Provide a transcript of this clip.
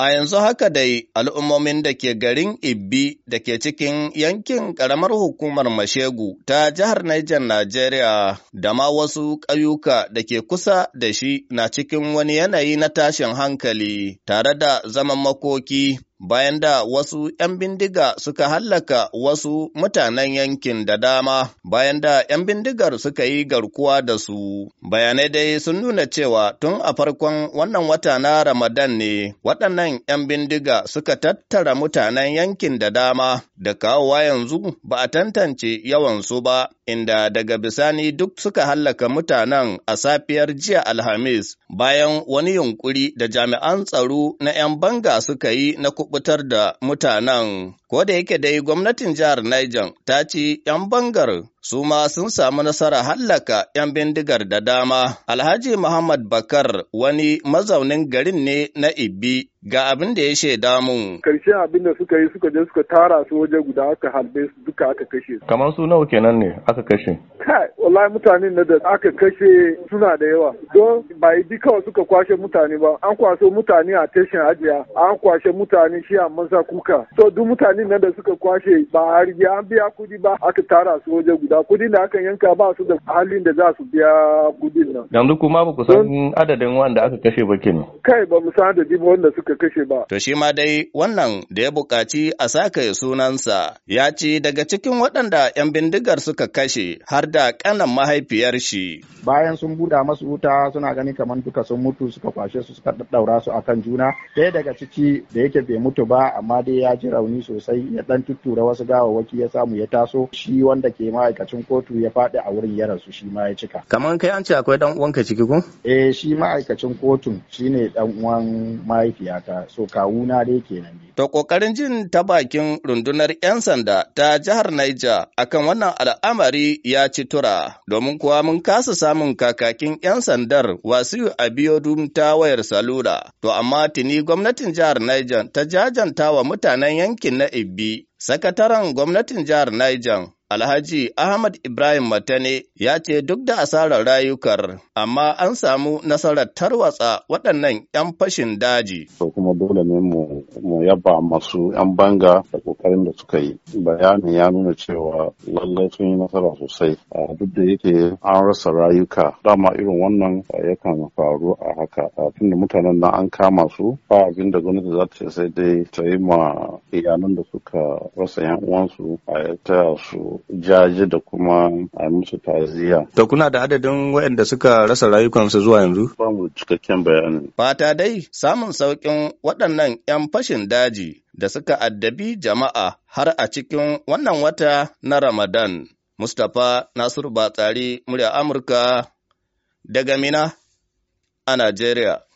A yanzu haka dai al'ummomin da ke garin Ibbi da ke cikin yankin ƙaramar hukumar Mashegu ta jihar Niger Najeriya da ma wasu ƙauyuka da ke kusa da shi na cikin wani yanayi na tashin hankali tare da zaman makoki bayan da wasu ‘yan bindiga suka hallaka wasu mutanen yankin da dama bayan da ‘yan bindigar suka yi garkuwa da su. Bayanai dai sun nuna cewa tun a farkon wannan wata na Ramadan ne waɗannan ‘yan bindiga suka tattara mutanen yankin da dama da kawowa yanzu ba a tantance yawansu ba. inda daga bisani duk suka hallaka mutanen a safiyar jiya Alhamis bayan wani yunkuri da jami'an tsaro na 'yan banga suka yi na kubutar da mutanen. Ko da yake dai gwamnatin jihar Niger ta ci ‘yan bangar su ma sun samu nasara hallaka ‘yan bindigar da dama. Alhaji Muhammad Bakar wani mazaunin garin ne na Ibi ga abin da ya shaida mu Karshen abin da suka yi suka je suka tara su waje guda aka halbe su duka aka kashe. Kamar su nawa kenan ne aka kashe? kai wallahi mutanen na da aka kashe suna da yawa don ba bi kawai suka kwashe mutane ba an kwaso mutane a tashin ajiya an kwashe mutane shi a masa kuka so duk mutanen na da suka kwashe ba a har an biya kudi ba aka tara su waje guda kudi da aka yanka ba su da halin da za su biya kudin nan yanzu kuma ba ku san adadin wanda aka kashe ba kenan kai ba mu san adadin wanda suka kashe ba to shi ma dai wannan da ya buƙaci a saka sunansa ya ce daga cikin waɗanda 'yan bindigar suka kashe har da da kanan mahaifiyar shi. Bayan sun buɗa masu wuta suna ganin kamar duka sun mutu suka kwashe su suka daddaura su akan juna. Ɗaya daga ciki da yake bai mutu ba amma dai ya ji rauni sosai ya ɗan tuttura wasu gawawwaki ya samu ya taso shi wanda ke ma'aikacin kotu ya faɗi a wurin ya rasu shi ma ya cika. Kamar kai an ce akwai ɗan uwanka ciki ko? Eh shi ma'aikacin kotun shine ɗan uwan mahaifiyata so kawuna dai kenan. To ƙoƙarin jin ta bakin rundunar 'yan sanda ta jihar Niger akan wannan al'amari ya ci tura, domin kuwa mun kasa samun kakakin 'yan sandar wasu Abiodun ta wayar salula. To amma tuni gwamnatin jihar Niger ta jajanta wa mutanen yankin na Ibbi Sakataren gwamnatin jihar Niger, Alhaji Ahmad Ibrahim Matane ya ce duk da asarar rayukar, amma an samu nasarar tarwatsa waɗannan 'yan fashin daji. kuma dole ne mu yaba masu 'yan banga kokarin da suka yi bayanin ya nuna cewa lallai sun yi nasara sosai duk da yake an rasa rayuka dama irin wannan yakan faru a haka tunda mutanen nan an kama su ba abin da gwamnati za ta sai dai ta yi ma iyalan da suka rasa yan uwansu a ta su jaje da kuma a musu taziya to kuna da adadin waɗanda suka rasa rayukansu zuwa yanzu ba mu cikakken bayanin fata dai samun sauƙin waɗannan 'yan fashin daji da suka addabi jama'a har a cikin wannan wata na Ramadan. Mustapha Nasiru Batsari, murya Amurka, daga Mina a Najeriya.